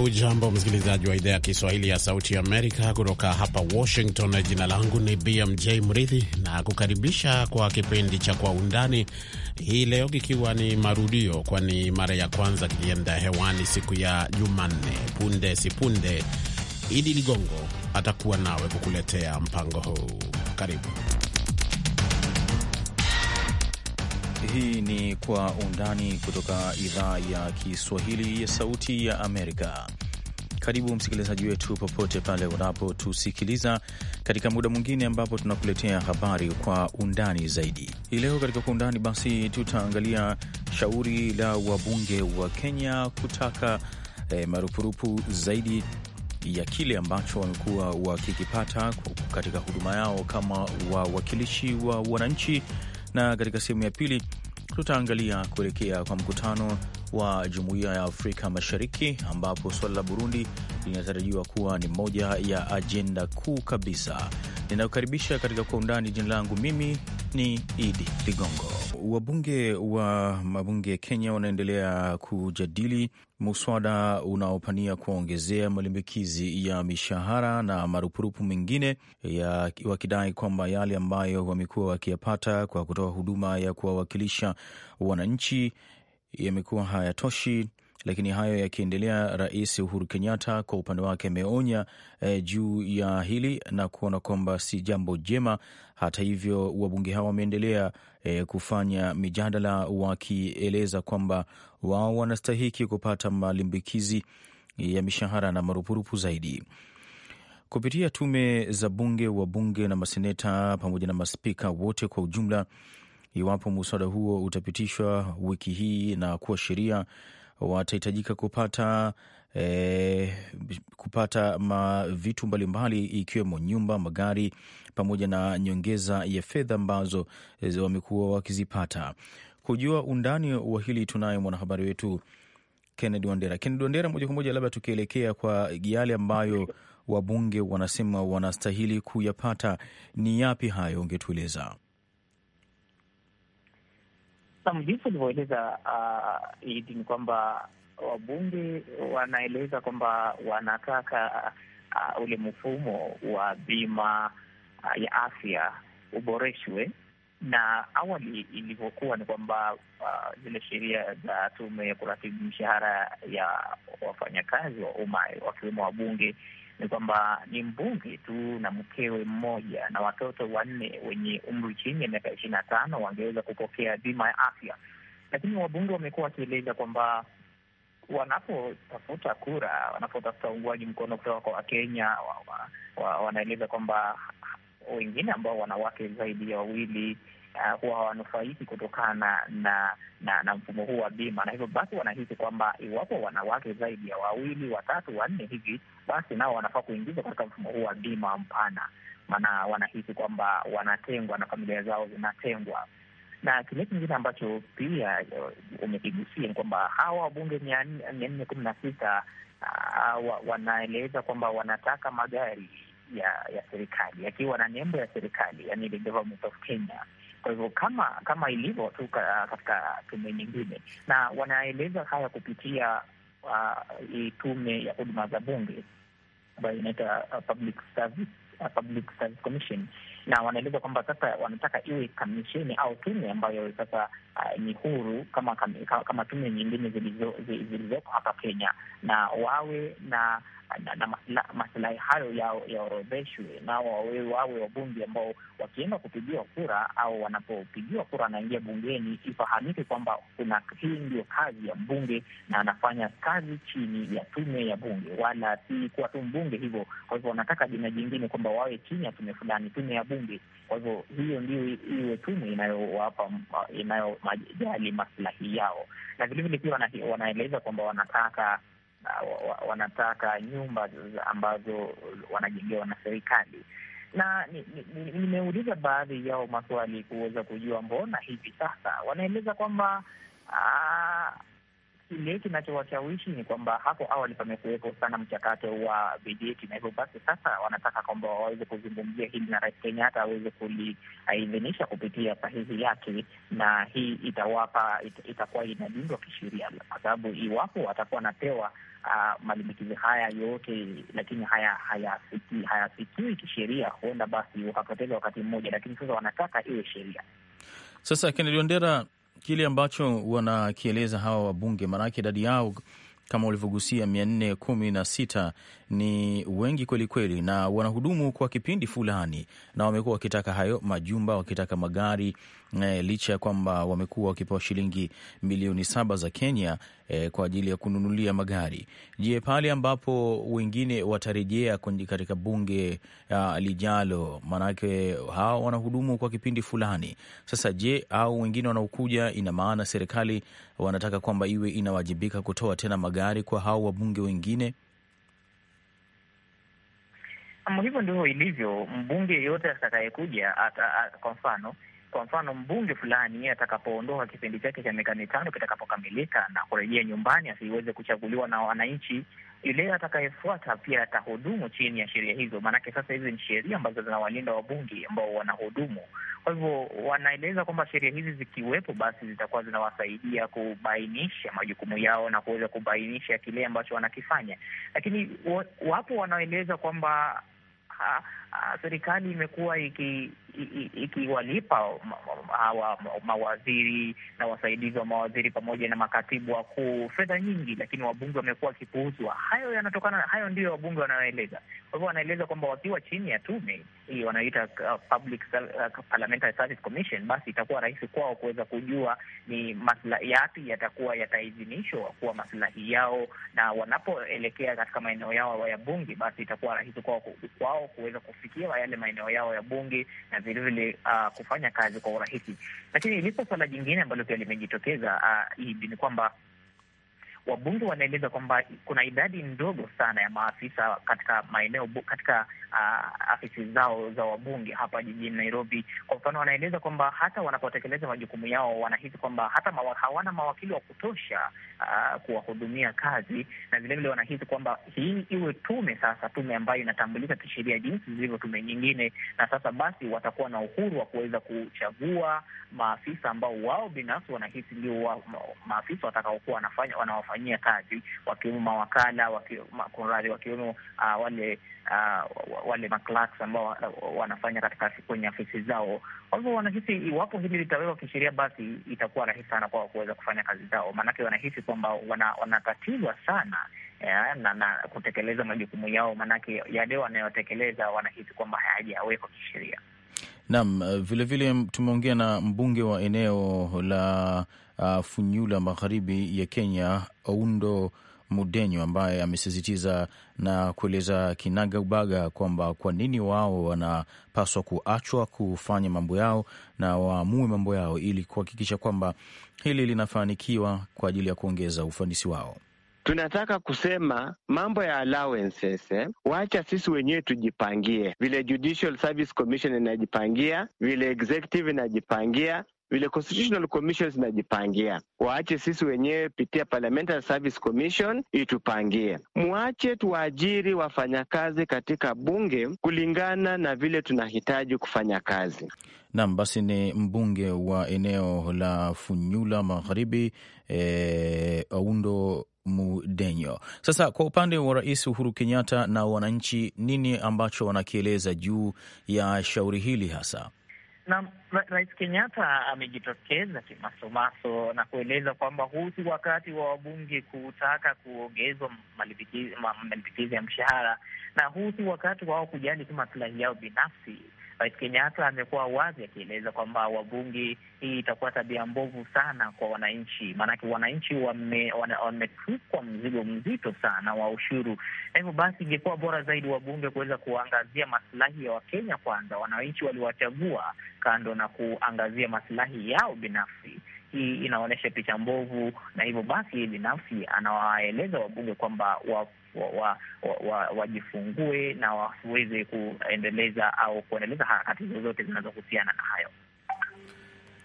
Hujambo msikilizaji wa idhaa ya Kiswahili ya Sauti Amerika kutoka hapa Washington. Jina langu ni BMJ Mridhi na kukaribisha kwa kipindi cha Kwa Undani hii leo, kikiwa ni marudio, kwani mara ya kwanza kilienda hewani siku ya Jumanne. Punde sipunde, Idi Ligongo atakuwa nawe kukuletea mpango huu. Karibu. Hii ni Kwa Undani kutoka idhaa ya Kiswahili ya Sauti ya Amerika. Karibu msikilizaji wetu popote pale unapotusikiliza katika muda mwingine ambapo tunakuletea habari kwa undani zaidi. Hii leo katika Kwa Undani basi tutaangalia shauri la wabunge wa Kenya kutaka eh, marupurupu zaidi ya kile ambacho wamekuwa wakikipata katika huduma yao kama wawakilishi wa wananchi, na katika sehemu ya pili tutaangalia kuelekea kwa mkutano wa Jumuiya ya Afrika Mashariki ambapo suala la Burundi linatarajiwa kuwa ni moja ya ajenda kuu kabisa. Ninakukaribisha katika Kwa Undani. Jina langu mimi ni Idi Ligongo. Wabunge wa mabunge ya Kenya wanaendelea kujadili muswada unaopania kuongezea malimbikizi ya mishahara na marupurupu mengine, wakidai kwamba yale ambayo wamekuwa wakiyapata kwa kutoa huduma ya kuwawakilisha wananchi yamekuwa hayatoshi. Lakini hayo yakiendelea, Rais Uhuru Kenyatta kwa upande wake ameonya e, juu ya hili na kuona kwamba si jambo jema hata hivyo wabunge hao wameendelea e, kufanya mijadala wakieleza kwamba wao wanastahiki kupata malimbikizi ya mishahara na marupurupu zaidi kupitia tume za bunge wa bunge na maseneta pamoja na maspika wote kwa ujumla. Iwapo muswada huo utapitishwa wiki hii na kuwa sheria, watahitajika kupata e, kupata ma vitu mbalimbali ikiwemo nyumba, magari pamoja na nyongeza ya fedha ambazo eh, wamekuwa wakizipata. Kujua undani wa hili, tunaye mwanahabari wetu Kennedy Wandera. Kennedy Wandera, moja kwa moja, labda tukielekea kwa yale ambayo wabunge wanasema wanastahili kuyapata, ni yapi hayo? Ungetueleza. nam, jinsi ulivyoeleza uh, ah, ni kwamba wabunge wanaeleza kwamba wanataka uh, ule mfumo wa bima Uh, ya afya uboreshwe na awali ilivyokuwa ni kwamba uh, zile sheria za tume ya kuratibu mishahara ya wafanyakazi wa umma wakiwemo wabunge, ni kwamba ni mbunge tu na mkewe mmoja na watoto wanne wenye umri chini ya miaka ishirini na tano wangeweza kupokea bima ya afya, lakini wabunge wamekuwa wakieleza kwamba wanapotafuta kura, wanapotafuta uungwaji mkono kutoka kwa Wakenya wa, wa, wa, wanaeleza kwamba wengine ambao wanawake zaidi ya wawili uh, huwa hawanufaiki kutokana na na, na mfumo huu wa bima, na hivyo basi wanahisi kwamba iwapo wanawake zaidi ya wawili, watatu, wanne hivi, basi nao wanafaa kuingizwa katika mfumo huu wa bima mpana, maana wanahisi kwamba wanatengwa na familia zao zinatengwa na kile kingine ambacho pia uh, umekigusia ni kwamba hawa wabunge mia nne kumi na sita ah, wanaeleza kwamba wanataka magari ya ya serikali yakiwa na nembo ya serikali, yani the government of Kenya. Kwa hivyo kama kama ilivyo tu katika tume nyingine, na wanaeleza haya kupitia uh, tume ya huduma za bunge ambayo inaita uh, Public Service uh, Public Service Commission, na wanaeleza kwamba sasa wanataka iwe kamisheni au tume ambayo sasa uh, ni huru kama kama, kama tume nyingine zilizoko hapa Kenya, na wawe na na, na, na masilahi hayo yaorodheshwe na wawe wabunge ambao wakienda kupigiwa kura au wanapopigiwa kura anaingia bungeni, ifahamike kwamba kuna hii ndio kazi ya mbunge na anafanya kazi chini ya tume ya bunge, wala si kuwa tu mbunge hivyo. Kwa hivyo wanataka jina jingine kwamba wawe chini ya tume fulani, tume ya bunge. Kwa hivyo hiyo ndio iwe tume inayowapa inayojali maslahi yao, na vilevile pia wanaeleza kwamba wanataka wanataka nyumba ambazo wanajengewa na serikali na nimeuliza ni, ni baadhi yao maswali kuweza kujua mbona hivi sasa. Wanaeleza kwamba kile kinachowashawishi ni kwamba hapo awali pamekuwepo sana mchakato wa bajeti, na hivyo basi sasa wanataka kwamba waweze kuzungumzia hili na Rais Kenyatta aweze kuliidhinisha kupitia sahihi yake, na hii itawapa it, itakuwa inalindwa kisheria, kwa sababu iwapo watakuwa wanapewa uh, malimbikizi haya yote, lakini hayafikiwi haya, kisheria, huenda basi ukapoteza wakati mmoja, lakini sasa wanataka iwe sheria. Sasa Kennedy Wandera, kile ambacho wanakieleza hawa wabunge, maanake idadi yao kama ulivyogusia mia nne kumi na sita ni wengi kwelikweli kweli, na wanahudumu kwa kipindi fulani, na wamekuwa wakitaka hayo majumba, wakitaka magari eh, licha ya kwamba wamekuwa wakipewa shilingi milioni saba za Kenya eh, kwa ajili ya kununulia magari. Je, pale ambapo wengine watarejea katika bunge ah, lijalo, maanake hawa wanahudumu kwa kipindi fulani sasa. Je, au wengine wanaokuja, ina maana serikali wanataka kwamba iwe inawajibika kutoa tena magari kwa hao wabunge wengine? Naam, hivyo ndivyo ilivyo. Mbunge yeyote atakayekuja, kwa mfano kwa mfano mbunge fulani atakapoondoka kipindi chake cha miaka mitano kitakapokamilika na kurejea nyumbani, asiweze kuchaguliwa na wananchi, yule atakayefuata pia atahudumu chini ya sheria hizo. Maanake sasa hizi ni sheria ambazo zinawalinda wabunge ambao wanahudumu. Kwa hivyo wanaeleza kwamba sheria hizi zikiwepo, basi zitakuwa zinawasaidia kubainisha majukumu yao na kuweza kubainisha kile ambacho wanakifanya, lakini wapo wanaeleza kwamba uh, Ah, serikali imekuwa ikiwalipa iki, hawa mawaziri na wasaidizi wa mawaziri pamoja na makatibu wakuu fedha nyingi, lakini wabunge wamekuwa wakipuuzwa. Hayo yanatokana, hayo ndio wabunge wanayoeleza. Kwa hivyo wanaeleza kwamba wakiwa chini ya tume hii wanayoita uh, Public uh, Parliamentary Service Commission, basi itakuwa rahisi kwao kuweza kujua ni maslahi yapi yatakuwa yataidhinishwa kuwa maslahi yao, na wanapoelekea katika maeneo yao ya bunge, basi itakuwa rahisi kwao kuweza kufikia yale maeneo yao ya bunge na vilevile uh, ah, kufanya kazi kwa urahisi. Lakini lipo suala jingine ambalo pia limejitokeza uh, ni kwamba wabunge wanaeleza kwamba kuna idadi ndogo sana ya maafisa katika maeneo katika uh, afisi zao za wabunge hapa jijini Nairobi. Kwa mfano, wanaeleza kwamba hata wanapotekeleza majukumu yao wanahisi kwamba hata mawa, hawana mawakili wa kutosha uh, kuwahudumia kazi, na vilevile wanahisi kwamba hii iwe tume sasa, tume ambayo inatambulika kisheria jinsi zilivyo tume nyingine, na sasa basi watakuwa na uhuru wa kuweza kuchagua maafisa ambao wao binafsi wanahisi ndio wa, maafisa watakaokuwa wanafanya kufanyia kazi, wakiwemo mawakala wakiradhi, wakiwemo uh, wale uh, wale maclerks ambao wanafanya katika kwenye afisi zao. Kwa hivyo wanahisi iwapo hili litawekwa kisheria, basi itakuwa rahisi sana kwao kuweza kufanya kazi zao, maanake wanahisi kwamba wanatatizwa wana sana ya, eh, na, na kutekeleza majukumu yao, maanake yale wanayotekeleza wanahisi kwamba hayajawekwa kisheria. Naam, vilevile eh, tumeongea na mbunge wa eneo la uh, Funyula magharibi ya Kenya Oundo Mudenyo ambaye amesisitiza na kueleza kinaga ubaga kwamba kwa nini wao wanapaswa kuachwa kufanya mambo yao na waamue mambo yao ili kuhakikisha kwamba hili linafanikiwa kwa ajili ya kuongeza ufanisi wao. Tunataka kusema mambo ya allowances eh, wacha sisi wenyewe tujipangie, vile Judicial Service Commission inajipangia, vile executive inajipangia, vile Constitutional Commission zinajipangia. Waache sisi wenyewe pitia Parliamentary Service Commission itupangie, mwache tuwaajiri wafanyakazi katika bunge kulingana na vile tunahitaji kufanya kazi. Nam basi, ni mbunge wa eneo la Funyula Magharibi, e, Aundo Mudenyo. Sasa kwa upande wa Rais Uhuru Kenyatta na wananchi, nini ambacho wanakieleza juu ya shauri hili hasa? na Rais Kenyatta amejitokeza kimasomaso na kueleza kwamba huu si wakati wa wabunge kutaka kuongezwa malipikizi ya mshahara, na huu si wakati wao kujali tu maslahi yao binafsi. Rais Kenyatta amekuwa wazi akieleza kwamba wabunge, hii itakuwa tabia mbovu sana kwa wananchi, maanake wananchi wametukwa mzigo mzito sana wa ushuru. Na hivyo basi, ingekuwa bora zaidi wabunge kuweza kuangazia masilahi ya Wakenya kwanza, wananchi waliwachagua, kando na kuangazia masilahi yao binafsi. Hii inaonyesha picha mbovu, na hivyo basi binafsi anawaeleza wabunge kwamba wajifungue wa, wa, wa, na waweze kuendeleza au kuendeleza harakati zozote zinazohusiana na hayo.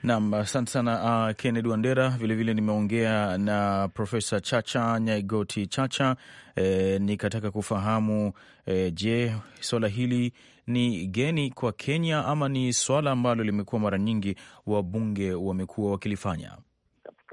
Nam, asante sana uh, Kennedy Wandera. Vilevile nimeongea na Profesa Chacha Nyaigoti Chacha e, nikataka kufahamu e, je, swala hili ni geni kwa Kenya ama ni swala ambalo limekuwa mara nyingi wabunge wamekuwa wakilifanya?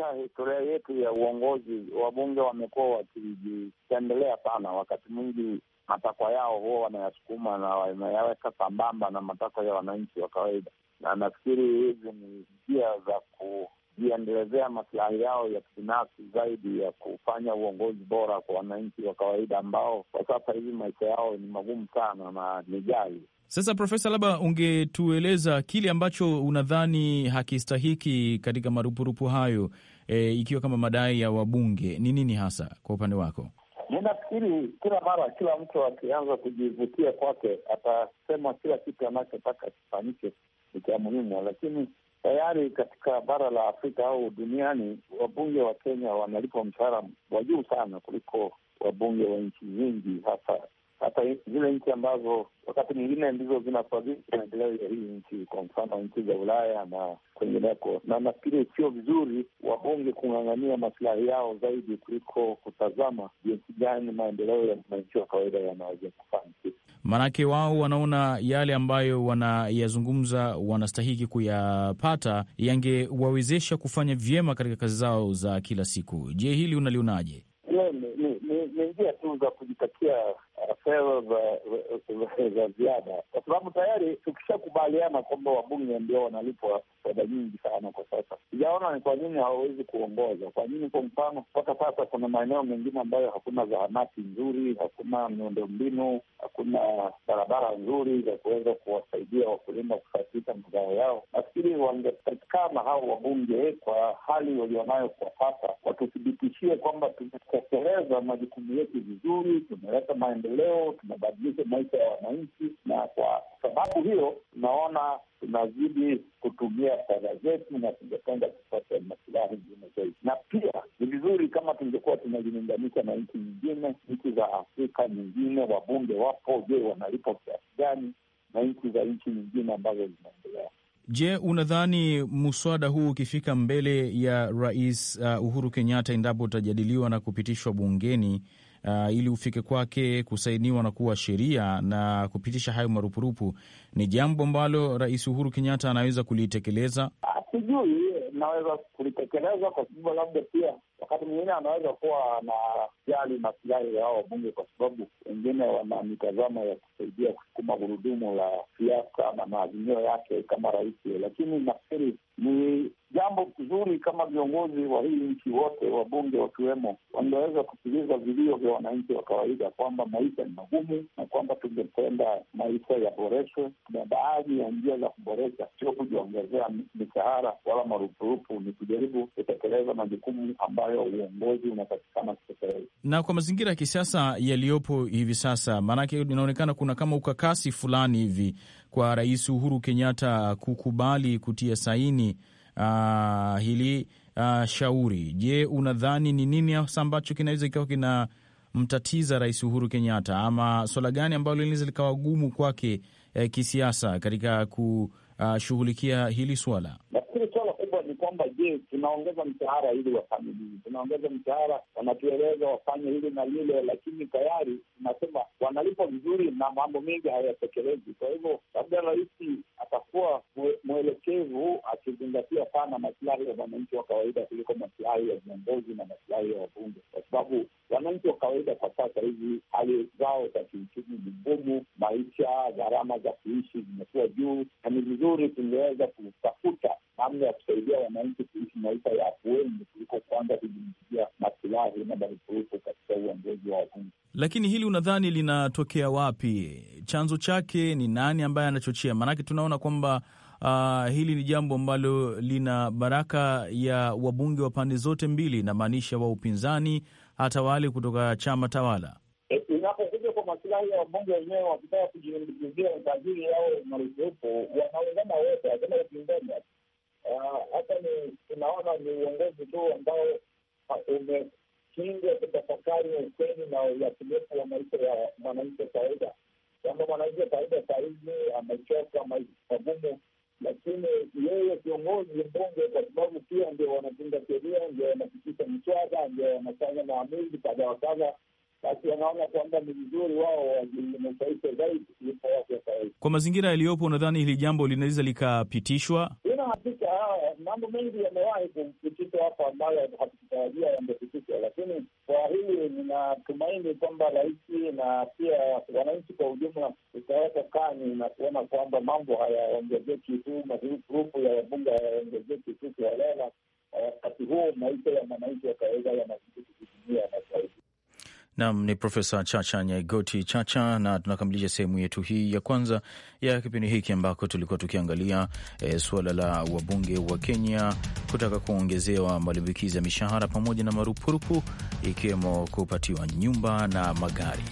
katika historia yetu ya uongozi, wabunge wamekuwa wakijipendelea sana. Wakati mwingi matakwa yao huwa wanayasukuma na wanayaweka sambamba na matakwa ya wananchi wa kawaida, na nafikiri hizi ni njia za kujiendelezea masilahi yao ya kibinafsi zaidi ya kufanya uongozi bora kwa wananchi wa kawaida ambao kwa sasa hivi maisha yao ni magumu sana na ni jali. Sasa Profesa, labda ungetueleza kile ambacho unadhani hakistahiki katika marupurupu hayo e, ikiwa kama madai ya wabunge ni nini hasa kwa upande wako? Ninafikiri kila mara kila mtu akianza kujivutia kwake atasema kila kitu anachotaka kifanyike ni cha muhimu, lakini tayari katika bara la Afrika au duniani wabunge wa Kenya wanalipwa mshahara wa juu sana kuliko wabunge wa nchi nyingi, hasa hata zile nchi ambazo wakati mwingine ndizo zinafadhili maendeleo ya hii nchi, kwa mfano nchi za Ulaya na kwengineko. Na nafikiri sio vizuri wabunge kung'ang'ania masilahi yao zaidi kuliko kutazama jinsi gani maendeleo ya mwananchi wa kawaida yanaweza kufanya, maanake wao wanaona yale ambayo wanayazungumza wanastahiki kuyapata yangewawezesha kufanya vyema katika kazi zao za kila siku. Je, hili unalionaje? Ni njia tu za kujitakia fedha za ziada, kwa sababu tayari tukishakubaliana kwamba wabunge ndio wanalipwa fedha nyingi sana kwa sasa. Sijaona ni kwa nini hawawezi kuongoza. Kwa nini? Kwa mfano, mpaka sasa kuna maeneo mengine ambayo hakuna zahanati nzuri, hakuna miundombinu, hakuna barabara nzuri za kuweza kuwasaidia wakulima kusafirisha mazao yao. Nafikiri wangepatikana hao wabunge kwa hali walionayo kwa sasa, watuthibitishie kwamba tumetekeleza majukumu yetu vizuri, tumeleta maendeleo maendeleo, tunabadilisha maisha ya wananchi, na kwa sababu hiyo tunaona tunazidi kutumia fedha zetu na tungependa kupata masilahi ingine zaidi. Na pia ni vizuri kama tungekuwa tunajilinganisha na nchi nyingine, nchi za Afrika nyingine, wabunge wapo. Je, wanalipa kiasi gani na nchi za nchi nyingine ambazo zinaendelea? Je, unadhani mswada huu ukifika mbele ya Rais uh, Uhuru Kenyatta, endapo utajadiliwa na kupitishwa bungeni, uh, ili ufike kwake kusainiwa na kuwa sheria na kupitisha hayo marupurupu, ni jambo ambalo Rais Uhuru Kenyatta anaweza kulitekeleza? Sijui naweza kulitekeleza kwa sababu labda pia wakati mwingine anaweza kuwa na masilahi ya hao wabunge, kwa sababu wengine wana mitazamo ya kusaidia kusukuma gurudumu la siasa na maazimio yake kama rais, lakini nafikiri ni jambo zuri kama viongozi wa hii nchi wote, wabunge wakiwemo, wangeweza kusikiliza vilio vya wananchi wa kawaida kwamba maisha ni magumu na kwamba tungependa maisha yaboreshwe, na baadhi ya njia za kuboresha sio kujiongezea mishahara wala marupurupu, ni kujaribu kutekeleza majukumu ambayo uongozi unapatikana kutekeleza, na kwa mazingira ya kisiasa yaliyopo hivi sasa, maanake inaonekana kuna kama ukakasi fulani hivi kwa Rais Uhuru Kenyatta kukubali kutia saini uh, hili uh, shauri. Je, unadhani ni nini hasa ambacho kinaweza kikawa kinamtatiza Rais Uhuru Kenyatta, ama swala gani ambalo linaweza likawa gumu kwake eh, kisiasa katika kushughulikia ah, hili swala? kwamba je, tunaongeza mshahara ili wafanye, tunaongeza mshahara, wanatueleza wafanye hili na lile, lakini tayari tunasema wanalipa vizuri na mambo mengi hayatekelezi. Kwa hivyo labda rais atakuwa mwelekevu, akizingatia sana masilahi ya wananchi wa kawaida kuliko masilahi ya viongozi na masilahi ya wabunge, kwa sababu wananchi wa kawaida kwa sasa hivi hali zao za kiuchumi ni ngumu, maisha, gharama za kuishi zimekuwa juu, na ni vizuri tungeweza kutafuta maneno ya kusaidia wananchi kuishi maisha ya afueni kuliko kwanza kujingilia masilahi na marupurupu katika uongozi wa wabunge. Lakini hili unadhani linatokea wapi? Chanzo chake ni nani ambaye anachochea? Maanake tunaona kwamba Uh, hili ni jambo ambalo lina baraka ya wabunge wa pande zote mbili, namaanisha wa upinzani hata wale kutoka chama tawala. E, inapokuja kwa masilahi ya wabunge wenyewe wakitaka kujiingizia utajiri au marupurupu, wanaungana wote, hakuna upinzani. Eh, hata ni tunaona ni uongozi tu ambao ah, umeshindwa kutafakari ukweli na uyatilifu wa maisha ya mwananchi wa kawaida, kwamba mwananchi wa kawaida sahizi amechoka magumu, lakini yeye kiongozi mbunge, kwa sababu pia ndio wanatunga sheria, ndio wanapitisha miswada, ndio wanafanya maamuzi kadha wa kadha basi wanaona kwamba ni vizuri wao wajinufaishe zaidi kuliko watu wa kawaida. Kwa mazingira yaliyopo, unadhani hili jambo linaweza likapitishwa mengi yamewahi kupitishwa hapo ambayo hatukutarajia yangepitishwa, lakini kwa hili ninatumaini kwamba rais na pia wananchi kwa ujumla utaweka kani na kuona kwamba mambo hayaongezeki tu, magrupu ya wabunge hayaongezeki tu kiholela. Wakati huo maisha ya mwananchi wakaweza yanazidi Nam ni Profesa Chacha Nyaigoti Chacha, na tunakamilisha sehemu yetu hii ya kwanza ya kipindi hiki ambako tulikuwa tukiangalia e, suala la wabunge wa Kenya kutaka kuongezewa malimbikizi ya mishahara pamoja na marupurupu ikiwemo kupatiwa nyumba na magari.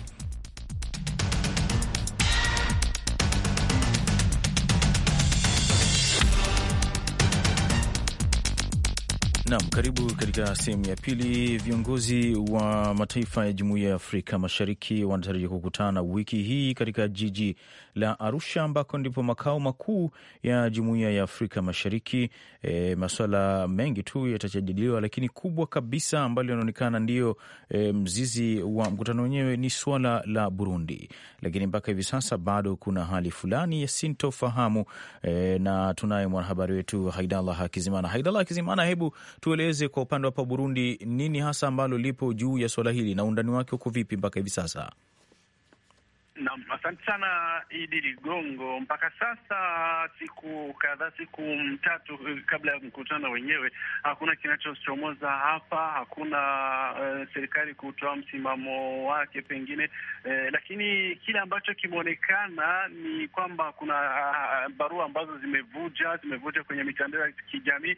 Naam, karibu katika sehemu ya pili. Viongozi wa mataifa ya Jumuiya ya Afrika Mashariki wanatarajia kukutana wiki hii katika jiji la Arusha ambako ndipo makao makuu ya Jumuiya ya Afrika Mashariki. E, masuala mengi tu yatajadiliwa, lakini kubwa kabisa ambalo linaonekana ndiyo e, mzizi wa mkutano wenyewe ni suala la Burundi, lakini mpaka hivi sasa bado kuna hali fulani ya sintofahamu. E, na tunaye mwanahabari wetu Haidallah Hakizimana. Haidallah Hakizimana, hebu Tueleze kwa upande wa hapa Burundi, nini hasa ambalo lipo juu ya suala hili na undani wake uko vipi mpaka hivi sasa? Naam, asante sana Idi Ligongo. Mpaka sasa siku kadhaa, siku mtatu eh, kabla ya mkutano wenyewe, hakuna kinachochomoza hapa, hakuna uh, serikali kutoa msimamo wake pengine uh, lakini kile ambacho kimeonekana ni kwamba kuna uh, barua ambazo zimevuja zimevuja kwenye mitandao ya kijamii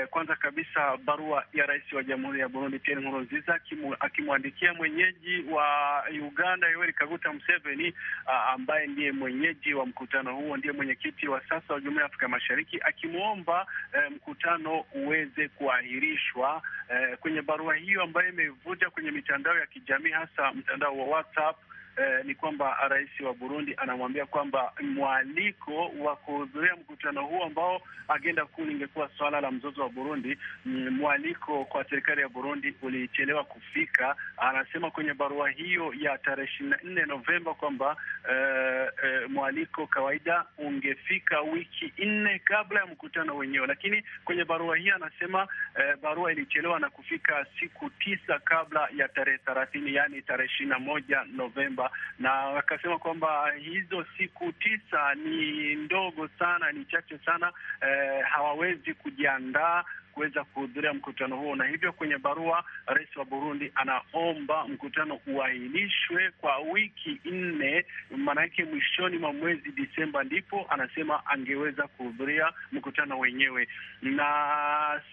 uh, kwanza kabisa barua ya rais wa jamhuri ya Burundi Pierre Nkurunziza akimwandikia mwenyeji wa Uganda Yoweri Kaguta Museveni uh, ambaye ndiye mwenyeji wa mkutano huo, ndiye mwenyekiti wa sasa wa Jumuiya ya Afrika Mashariki akimwomba eh, mkutano uweze kuahirishwa eh, kwenye barua hiyo ambayo imevuja kwenye mitandao ya kijamii hasa mtandao wa WhatsApp eh, ni kwamba rais wa Burundi anamwambia kwamba mwaliko wa kuhudhuria mkutano huo ambao agenda kuu lingekuwa swala la mzozo wa Burundi, mm, mwaliko kwa serikali ya Burundi ulichelewa kufika. Anasema kwenye barua hiyo ya tarehe ishirini na nne Novemba kwamba eh, eh, mwaliko kawaida ungefika wiki nne kabla ya mkutano wenyewe, lakini kwenye barua hii anasema eh, barua ilichelewa na kufika siku tisa kabla ya tarehe thelathini, yaani tarehe ishirini na moja Novemba na wakasema kwamba hizo siku tisa ni ndogo sana, ni chache sana eh, hawawezi kujiandaa kuweza kuhudhuria mkutano huo, na hivyo kwenye barua rais wa Burundi anaomba mkutano uahirishwe kwa wiki nne, maanake mwishoni mwa mwezi Disemba ndipo anasema angeweza kuhudhuria mkutano wenyewe. Na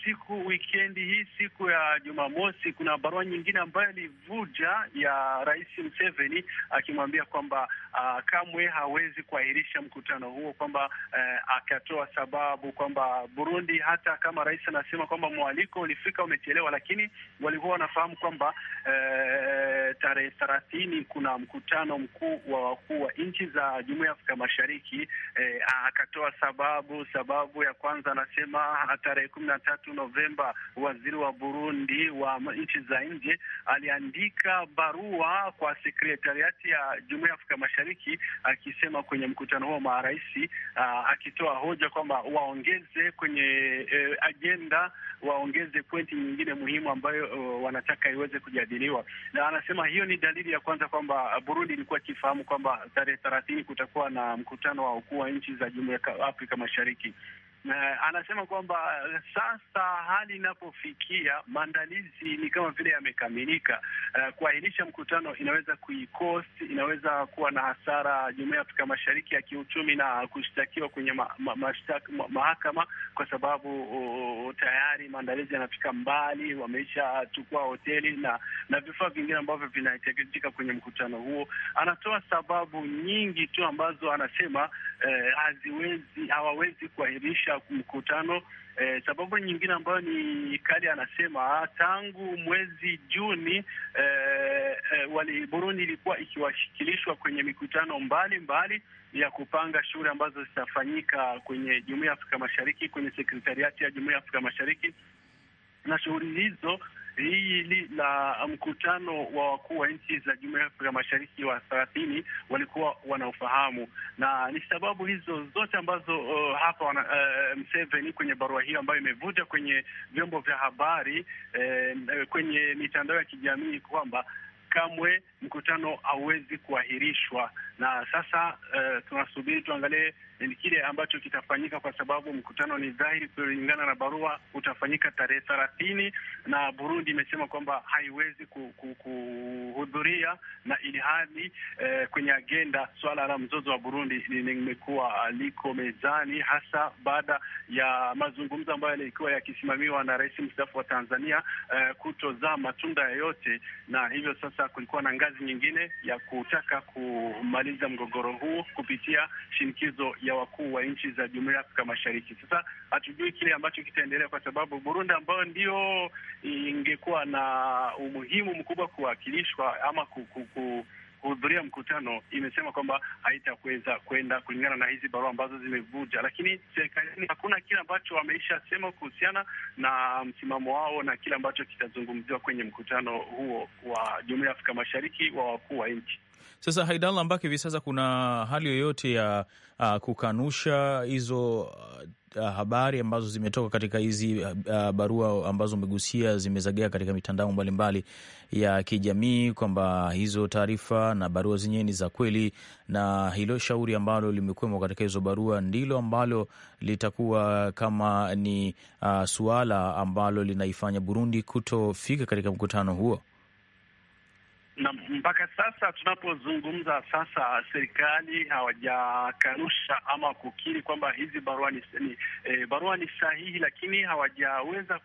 siku wikendi hii, siku ya Jumamosi, kuna barua nyingine ambayo alivuja ya rais Museveni akimwambia kwamba uh, kamwe hawezi kuahirisha mkutano huo, kwamba uh, akatoa sababu kwamba Burundi hata kama rais anasema wanasema kwamba mwaliko ulifika umechelewa, lakini walikuwa wanafahamu kwamba eh, tarehe thelathini kuna mkutano mkuu wa wakuu wa nchi za Jumuiya ya Afrika Mashariki. Eh, akatoa sababu. Sababu ya kwanza anasema tarehe kumi na tatu Novemba waziri wa Burundi wa nchi za nje aliandika barua kwa sekretariati ya Jumuiya ya Afrika Mashariki akisema kwenye mkutano huo maraisi ah, akitoa hoja kwamba waongeze kwenye eh, ajenda kadhaa waongeze pointi nyingine muhimu ambayo uh, wanataka iweze kujadiliwa, na anasema hiyo ni dalili ya kwanza kwamba uh, Burundi ilikuwa ikifahamu kwamba tarehe thelathini kutakuwa na mkutano wa ukuu wa nchi za Jumuiya ya Afrika Mashariki na anasema kwamba sasa hali inapofikia maandalizi ni kama vile yamekamilika. Uh, kuahirisha mkutano inaweza kuikosti, inaweza kuwa na hasara jumuiya ya Afrika Mashariki ya kiuchumi na kushtakiwa kwenye ma, ma, ma, mahakama kwa sababu o, tayari maandalizi yanafika mbali, wameisha chukua hoteli na na vifaa vingine ambavyo vinahitajika kwenye mkutano huo. Anatoa sababu nyingi tu ambazo anasema eh, haziwezi hawawezi kuahirisha ya mkutano. Eh, sababu nyingine ambayo ni kali anasema tangu mwezi Juni eh, eh, wali Burundi ilikuwa ikiwashikilishwa kwenye mikutano mbalimbali mbali ya kupanga shughuli ambazo zitafanyika kwenye Jumuiya ya Afrika Mashariki, kwenye sekretariati ya Jumuiya ya Afrika Mashariki na shughuli hizo hii ni la mkutano wa wakuu wa nchi za Jumuiya ya Afrika Mashariki wa thelathini walikuwa wanaufahamu, na ni sababu hizo zote ambazo uh, hapa wana, uh, Mseveni kwenye barua hiyo ambayo imevuja kwenye vyombo vya habari um, uh, kwenye mitandao ya kijamii kwamba kamwe mkutano hauwezi kuahirishwa na sasa uh, tunasubiri tuangalie ni kile ambacho kitafanyika, kwa sababu mkutano ni dhahiri kulingana na barua utafanyika tarehe thelathini, na Burundi imesema kwamba haiwezi kuhudhuria na ili hadi uh, eh, kwenye agenda suala la mzozo wa Burundi limekuwa liko mezani, hasa baada ya mazungumzo ambayo yalikuwa yakisimamiwa na rais mstaafu wa Tanzania uh, kutozaa matunda yoyote, na hivyo sasa kulikuwa na ngazi nyingine ya kutaka ku kumaliza mgogoro huu kupitia shinikizo ya wakuu wa nchi za jumuiya ya Afrika Mashariki. Sasa hatujui kile ambacho kitaendelea, kwa sababu Burundi ambayo ndio ingekuwa na umuhimu mkubwa kuwakilishwa ama kuku kuhudhuria mkutano imesema kwamba haitakuweza kwenda kulingana na hizi barua ambazo zimevuja, lakini serikalini hakuna kile ambacho wameisha sema kuhusiana na msimamo wao na kile ambacho kitazungumziwa kwenye mkutano huo wa Jumuiya ya Afrika Mashariki wa wakuu wa nchi. Sasa Haidala, mpaka hivi sasa kuna hali yoyote ya uh, kukanusha hizo uh, uh habari ambazo zimetoka katika hizi uh, uh, barua ambazo umegusia zimezagea katika mitandao mbalimbali mbali ya kijamii kwamba hizo taarifa na barua zenyewe ni za kweli, na hilo shauri ambalo limekwemwa katika hizo barua ndilo ambalo litakuwa kama ni uh, suala ambalo linaifanya Burundi kutofika katika mkutano huo? Naam, mpaka sasa tunapozungumza sasa, serikali hawajakanusha ama kukiri kwamba hizi barua ni, ni, e, barua ni sahihi, lakini hawajaweza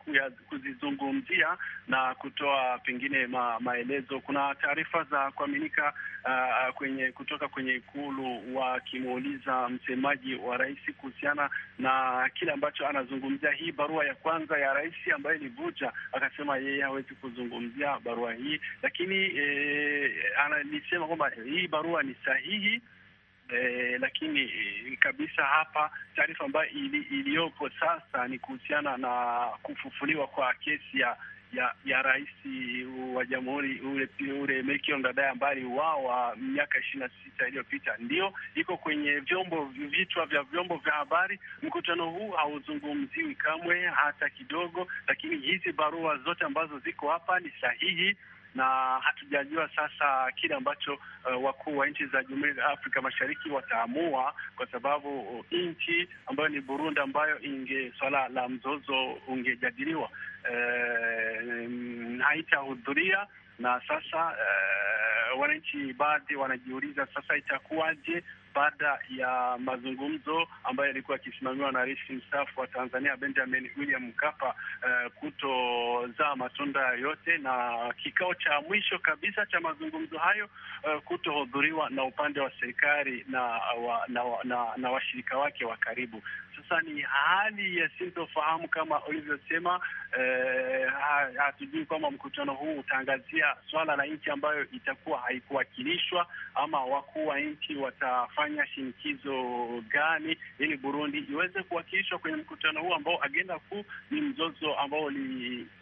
kuzizungumzia na kutoa pengine ma, maelezo. Kuna taarifa za kuaminika uh, kwenye kutoka kwenye Ikulu wakimuuliza msemaji wa rais kuhusiana na kile ambacho anazungumzia hii barua ya kwanza ya rais ambayo ilivuja, akasema yeye hawezi kuzungumzia barua hii, lakini e, alisema kwamba hii barua ni sahihi e, lakini eh, kabisa hapa taarifa ambayo iliyopo sasa ni kuhusiana na kufufuliwa kwa kesi ya ya, ya rais wa jamhuri ule, ule Melchior Ndadaye ambaye aliuawa miaka ishirini na sita iliyopita, ndio iko kwenye vyombo vichwa vya vyombo vya habari. Mkutano huu hauzungumziwi kamwe hata kidogo, lakini hizi barua zote ambazo ziko hapa ni sahihi na hatujajua sasa kile ambacho uh, wakuu wa nchi za jumuiya za Afrika Mashariki wataamua, kwa sababu uh, nchi ambayo ni Burundi ambayo inge swala la mzozo ungejadiliwa uh, haitahudhuria na sasa uh, wananchi baadhi wanajiuliza sasa itakuwaje baada ya mazungumzo ambayo yalikuwa yakisimamiwa na rais mstaafu wa Tanzania Benjamin William Mkapa uh, kutozaa matunda yote na kikao cha mwisho kabisa cha mazungumzo hayo uh, kutohudhuriwa na upande wa serikali na, na, na, na, na washirika wake wa karibu sasa ni hali ya sintofahamu kama ulivyosema. Eh, hatujui kwamba mkutano huu utaangazia swala la nchi ambayo itakuwa haikuwakilishwa ama wakuu wa nchi watafanya shinikizo gani ili Burundi iweze kuwakilishwa kwenye mkutano huu ambao agenda kuu ni mzozo ambao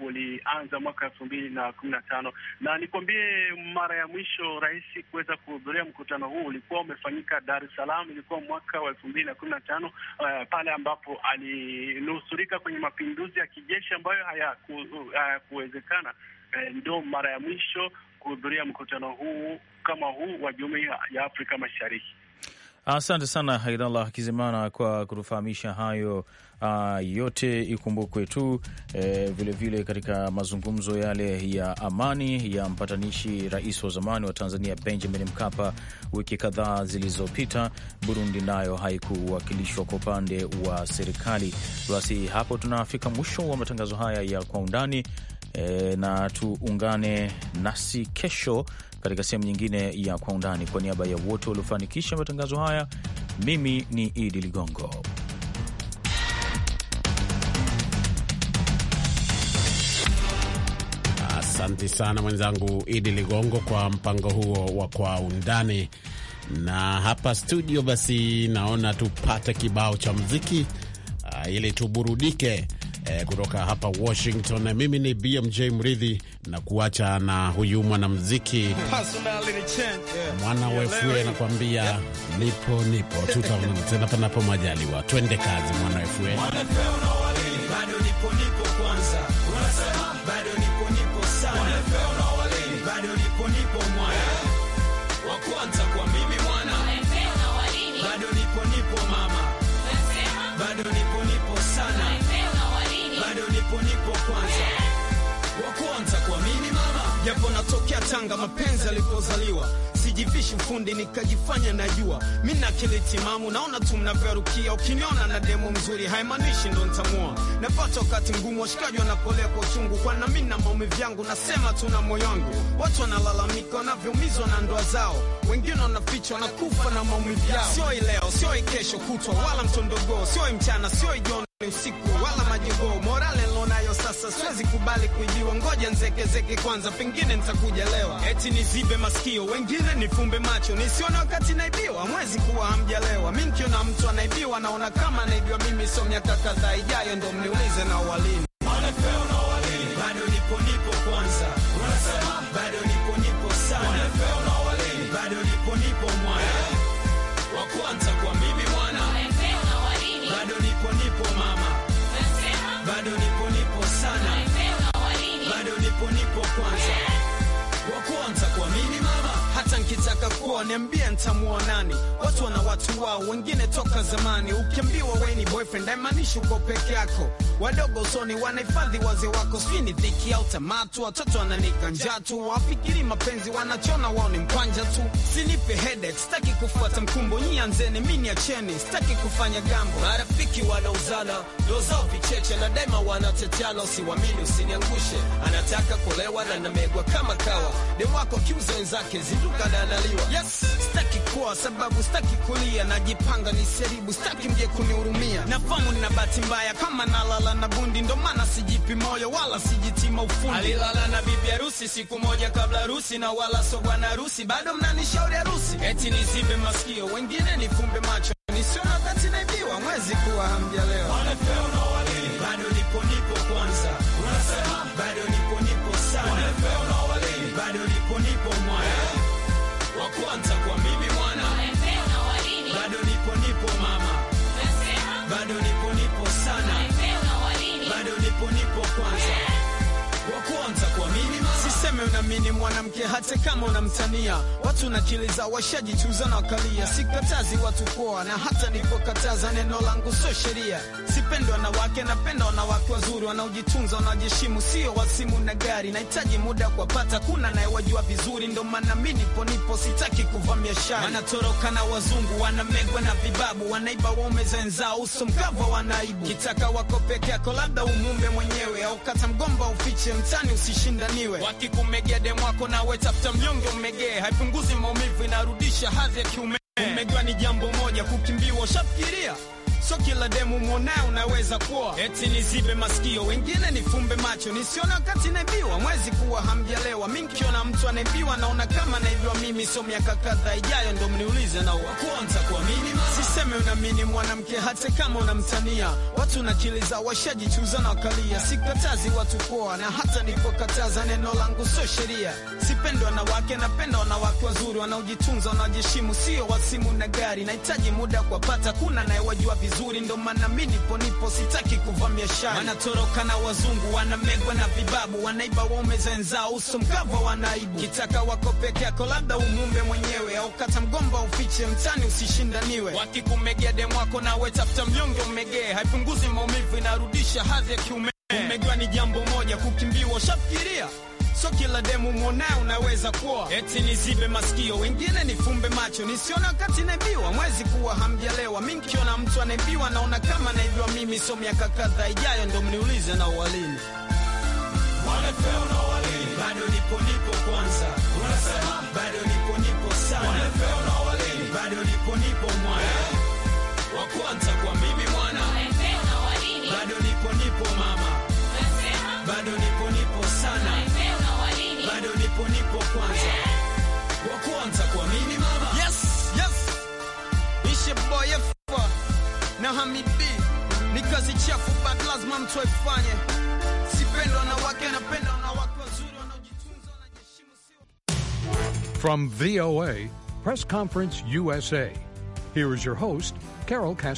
ulianza mwaka elfu mbili na kumi na tano na nikuambie mara ya mwisho rais kuweza kuhudhuria mkutano huu ulikuwa umefanyika Dar es Salaam, ilikuwa mwaka wa elfu mbili na kumi na tano uh, pale pale ambapo alinusurika kwenye mapinduzi ya kijeshi ambayo hayakuwezekana. E, eh, ndo mara ya mwisho kuhudhuria mkutano huu kama huu wa Jumuiya ya Afrika Mashariki. Asante sana Haidallah Kizimana kwa kutufahamisha hayo uh, yote. Ikumbukwe tu vilevile eh, vile katika mazungumzo yale ya amani ya mpatanishi rais wa zamani wa Tanzania Benjamin Mkapa wiki kadhaa zilizopita, Burundi nayo haikuwakilishwa kwa upande wa serikali. Basi hapo tunafika mwisho wa matangazo haya ya kwa undani e, na tuungane nasi kesho katika sehemu nyingine ya Kwa Undani. Kwa niaba ya wote waliofanikisha matangazo haya, mimi ni Idi Ligongo. Asante sana mwenzangu Idi Ligongo kwa mpango huo wa Kwa Undani. Na hapa studio, basi naona tupate kibao cha mziki uh, ah, ili tuburudike eh, kutoka hapa Washington. Mimi ni BMJ Mridhi na kuacha na huyu mwanamziki mwana wefue anakuambia yeah. nipo nipo, tutaonana tena panapo majaliwa. Twende kazi, mwana wefue bado nipo mchanga, mapenzi alipozaliwa sijivishi fundi nikajifanya najua mi na akili timamu, naona tu mnavyorukia. Ukiniona na demo mzuri haimaanishi ndo ntamua. Napata wakati mgumu, washikaji wanapolea kwa uchungu, kwana mi na maumivu yangu nasema tu na moyo wangu. Watu wanalalamika wanavyoumizwa na ndoa zao, wengine wanafichwa na kufa na maumivu yao. Sioi kesho kutwa, wala mtondogoo, sioi mchana, sioi usiku sasa siwezi kubali kuibiwa, ngoja nzekezeke kwanza, pengine nitakuja lewa. Eti nizibe masikio, wengine nifumbe macho, nisione wakati naibiwa. Mwezi kuwa hamjalewa, mi nkiona mtu anaibiwa naona kama naibiwa mimi. So miaka kadhaa ijayo ndo mniulize na uwalini, bado nipo nipo kwanza waniambia ntamuonani Watu wana watu wao, wengine toka zamani. Ukiambiwa we ni boyfriend haimaanishi uko peke yako wadogo usoni wanahifadhi wazee wako, sijui ni dhiki au tamaa tu. Watoto wananikanja tu, wafikiri mapenzi wanachona, wao ni mkwanja tu. Sinipe headache, sitaki kufuata mkumbo, nyi anzeni, mi niacheni, sitaki kufanya gambo. Marafiki wanauzana ndio vicheche, na daima wanateteana, usiwamini, usiniangushe. Anataka kulewa na namegwa kama kawa, dem wako akiuza wenzake, zinduka na analiwa. Yes, sitaki kuwa sababu, sitaki kulia, najipanga seribu, sitaki mje kunihurumia, nafamu nina bahati mbaya kama nalala hela na bundi, ndo maana sijipi moyo wala sijitima ufundi. Alilala na bibi harusi siku moja kabla harusi, na wala so bwana harusi. Bado mnanishauri harusi, eti nizibe masikio, wengine nifumbe macho, nisiona wakati naibiwa, mwezi kuwa leo Bado nipo nipo kwanza, unasema bado nipo nipo sana, bado nipo nipo eh? wa kwanza kwa mimi nipo nipo kwanza Usiseme unaamini mwanamke hata kama unamtania. Watu nakiliza washajituza na wakalia. Sikatazi watu poa, na hata nipokataza neno langu sio sheria. Sipendi wanawake, napenda wanawake wazuri, wanaojitunza, wanaojiheshimu, sio wasimu na gari. Nahitaji muda kuwapata, kuna nayewajua vizuri, ndo maana mi nipo nipo, sitaki kuvamia shari. Wanatoroka na wazungu, wanamegwa na vibabu, wanaiba waume zenzao, uso mkavu wanaibu. Kitaka wako peke yako, labda umume mwenyewe, au kata mgomba ufiche mtani, usishindaniwe Wakikum umegea demu wako nawe tafuta mnyonge umegea, haipunguzi maumivu, inarudisha hadhi ya kiume. Umejua ni jambo moja kukimbiwa, ushafikiria so kila demu mwonaye unaweza kuwa eti nizibe masikio, wengine nifumbe macho nisione wakati naibiwa. mwezi kuwa hamjalewa. Mi nkiona mtu anaibiwa naona kama naibiwa mimi, so miaka kadhaa ijayo ndo mniulize na wakuanza kuamini. Siseme unamini mwanamke hata kama unamtania, watu nakiliza washajichuza na wakalia. Sikatazi watu poa, na hata nikokataza neno langu sio sheria. Sipendi wanawake, napenda wanawake wazuri wanaojitunza, wanaojiheshimu, sio wasimu na gari. Nahitaji muda kuwapata, kuna nayewajua vizuri, ndo maana mimi nipo nipo, sitaki kuvamia shari. Wanatoroka na wazungu, wanamegwa na vibabu, wanaiba waume zenzao, uso mkava wanaibu. Kitaka wako peke yako, labda umume mwenyewe, au kata mgomba ufiche mtani, usishindaniwe. Wakikumegea demu wako, nawe tafuta mnyonge umegee. Haipunguzi maumivu, inarudisha hadhi ya kiume. Umegwa ni jambo moja, kukimbiwa ushafikiria so kila demu mwona unaweza kuwa eti nizibe masikio, wengine nifumbe macho nisione wakati naibiwa. Mwezi kuwa hamjalewa, mi nkiona mtu anaibiwa naona kama naibiwa mimi. So miaka kadha ijayo ndo mniulize na uwalini bado nipo nipo kwanza, unasema bado nipo nipo sana bado nipo nipo kwanza wa kwanza kwa mimi mama. Yes, yes. Bishop na ni kazi chafu, but lazima mtu aifanye. Sipendwa na wake, napenda na wake wazuri wanaojitunza na From VOA Press Conference USA. Here is your host, Carol Castro.